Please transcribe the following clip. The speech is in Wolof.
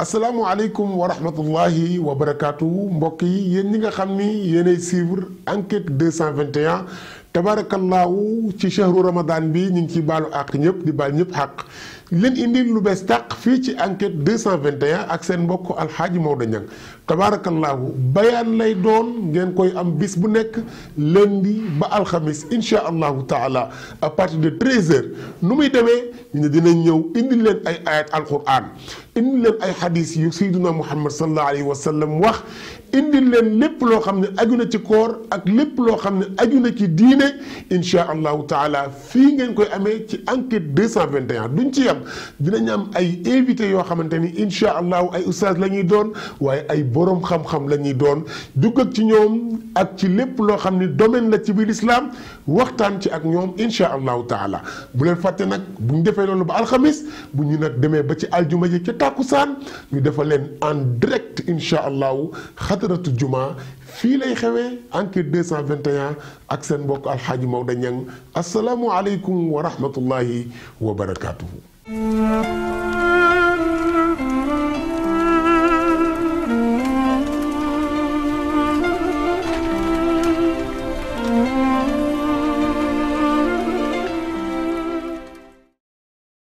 asalaamualeykum wa rahmatullahi wa barakaatu mbokk yi yéen ñi nga xam ni yéenay suivre enquête 221 tabaarakallaahu ci chahru ramadan bi ñu ngi ciy baalu àq ñëpp di baal ñëpp àq leen indi lu bees tàq fii ci enquête 221 ak seen mbokk alxaaji Maodo Niang tabaarakallaahu bayaan lay doon ngeen koy am bis bu nekk lundi ba alxamis incha allahu taala à partir de 13h nu muy demee ñu dinañ ñëw indi leen ay ayat alquran indi leen ay xadis yu sayduna muhammad sallallahu alayhi wa wax indi leen lépp loo xam ne aju na ci koor ak lépp loo xam ne aju na ci diine incha allahu taala fii ngeen koy amee ci enquête 221 duñ ci yam dinañ am ay invité yoo xamante ni incha allahu ay ustaas lañuy doon waaye ay boroom xam-xam la ñuy doon dugg ci ñoom ak ci lépp loo xam ne domaine la ci biir islam waxtaan ci ak ñoom incha allahu taala bu leen fàtte nag bu defee loolu ba alxamis tàkkusaan ñu defa leen en direct incha allahu xadaratu juma fii lay xewee enquête 221 ak seen mbokk alxaaji Maodo Niang asalaamualeykum wa rahmatullahi wa barakaatuhu.